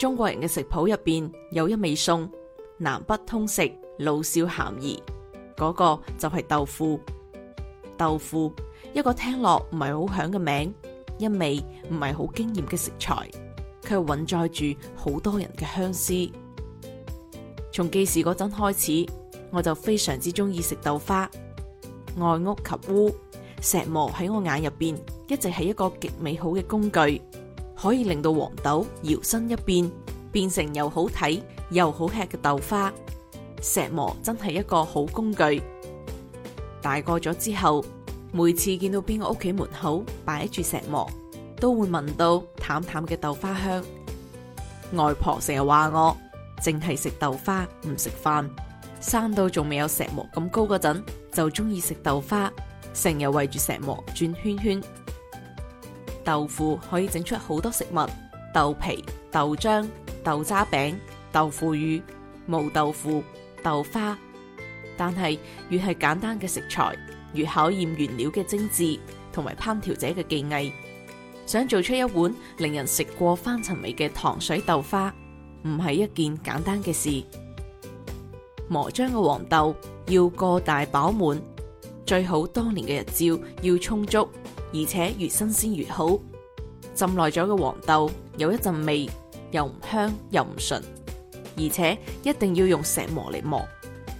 中國人嘅食譜入邊有一味餸，南北通食，老少咸宜，嗰個就係豆腐。豆腐一個聽落唔係好響嘅名，一味唔係好驚艷嘅食材，卻又蘊載住好多人嘅鄉思。從記事嗰陣開始，我就非常之中意食豆花，愛屋及烏，石磨喺我眼入邊一直係一個極美好嘅工具。可以令到黃豆搖身一變，變成又好睇又好吃嘅豆花。石磨真係一個好工具。大個咗之後，每次見到邊個屋企門口擺住石磨，都會聞到淡淡嘅豆花香。外婆成日話我，淨係食豆花唔食飯。生到仲未有石磨咁高嗰陣，就中意食豆花，成日圍住石磨轉圈圈。豆腐可以整出好多食物，豆皮、豆漿、豆渣餅、豆腐乳、毛豆腐、豆花。但係越係簡單嘅食材，越考驗原料嘅精致同埋烹調者嘅技藝。想做出一碗令人食過翻層味嘅糖水豆花，唔係一件簡單嘅事。磨漿嘅黃豆要個大飽滿。最好當年嘅日照要充足，而且越新鮮越好。浸耐咗嘅黃豆有一陣味，又唔香又唔醇，而且一定要用石磨嚟磨，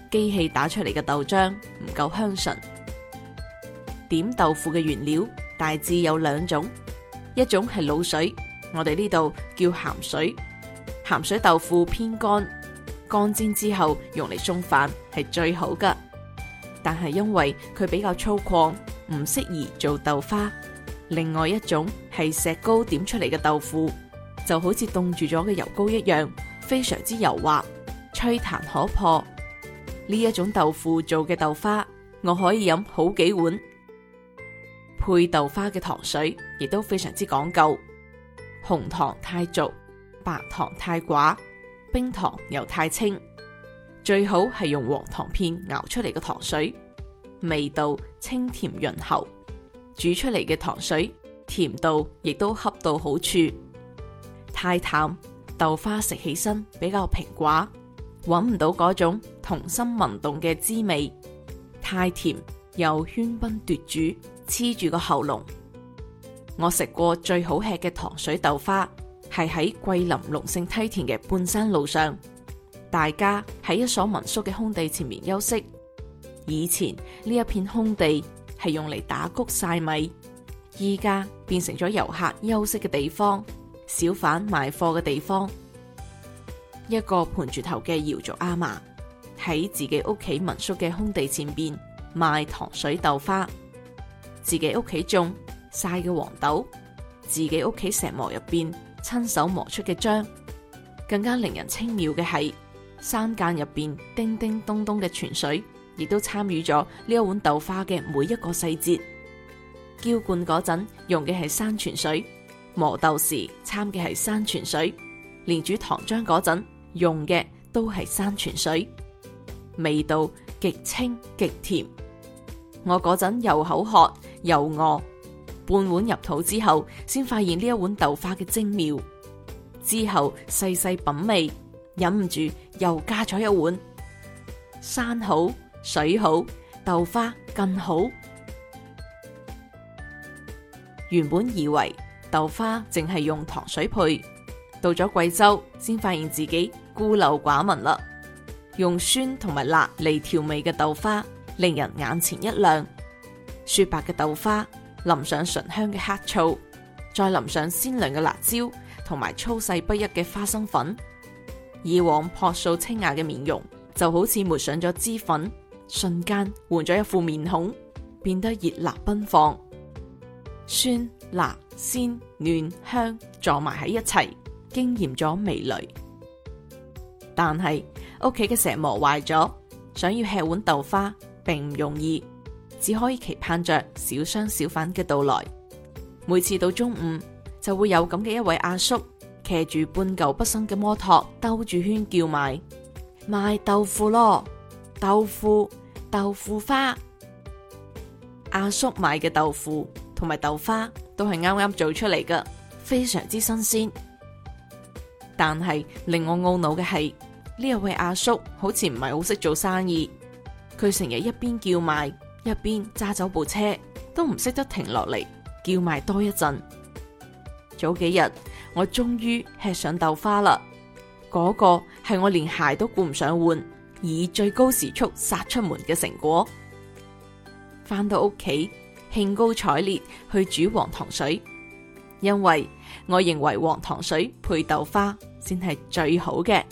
機器打出嚟嘅豆漿唔夠香醇。點豆腐嘅原料大致有兩種，一種係卤水，我哋呢度叫咸水，咸水豆腐偏乾，乾煎之後用嚟送飯係最好噶。但係因為佢比較粗獷，唔適宜做豆花。另外一種係石膏點出嚟嘅豆腐，就好似凍住咗嘅油膏一樣，非常之柔滑，吹彈可破。呢一種豆腐做嘅豆花，我可以飲好幾碗。配豆花嘅糖水亦都非常之講究，紅糖太濁，白糖太寡，冰糖又太清。最好係用黃糖片熬出嚟嘅糖水，味道清甜潤喉，煮出嚟嘅糖水甜度亦都恰到好處。太淡，豆花食起身比較平寡，搵唔到嗰種童心萌動嘅滋味；太甜又喧賓奪主，黐住個喉嚨。我食過最好吃嘅糖水豆花，係喺桂林龍勝梯田嘅半山路上。大家喺一所民宿嘅空地前面休息。以前呢一片空地係用嚟打谷曬米，依家變成咗遊客休息嘅地方，小販賣貨嘅地方。一個盤住頭嘅瑤族阿嫲喺自己屋企民宿嘅空地前邊賣糖水豆花，自己屋企種曬嘅黃豆，自己屋企石磨入邊親手磨出嘅漿，更加令人稱妙嘅係。山澗入邊叮叮咚咚嘅泉水，亦都參與咗呢一碗豆花嘅每一個細節。澆灌嗰陣用嘅係山泉水，磨豆時摻嘅係山泉水，連煮糖漿嗰陣用嘅都係山泉水，味道極清極甜。我嗰陣又口渴又餓，半碗入肚之後，先發現呢一碗豆花嘅精妙。之後細細品味。忍唔住又加咗一碗，山好水好，豆花更好。原本以為豆花淨係用糖水配，到咗貴州先發現自己孤陋寡聞啦。用酸同埋辣嚟調味嘅豆花，令人眼前一亮。雪白嘅豆花淋上醇香嘅黑醋，再淋上鮮亮嘅辣椒同埋粗細不一嘅花生粉。以往樸素清雅嘅面容，就好似抹上咗脂粉，瞬間換咗一副面孔，變得熱辣奔放，酸、辣、鮮、嫩、香撞埋喺一齊，驚艷咗味蕾。但係屋企嘅石磨壞咗，想要吃碗豆花並唔容易，只可以期盼着小商小販嘅到來。每次到中午，就會有咁嘅一位阿叔。騎住半舊不新嘅摩托，兜住圈叫賣賣豆腐咯，豆腐、豆腐花。阿叔賣嘅豆腐同埋豆花都係啱啱做出嚟嘅，非常之新鮮。但係令我懊惱嘅係呢一位阿叔，好似唔係好識做生意。佢成日一邊叫賣，一邊揸走部車，都唔識得停落嚟叫賣多一陣。早幾日，我終於吃上豆花啦！嗰個係我連鞋都顧唔上換，以最高時速殺出門嘅成果。返到屋企，興高采烈去煮黃糖水，因為我認為黃糖水配豆花先係最好嘅。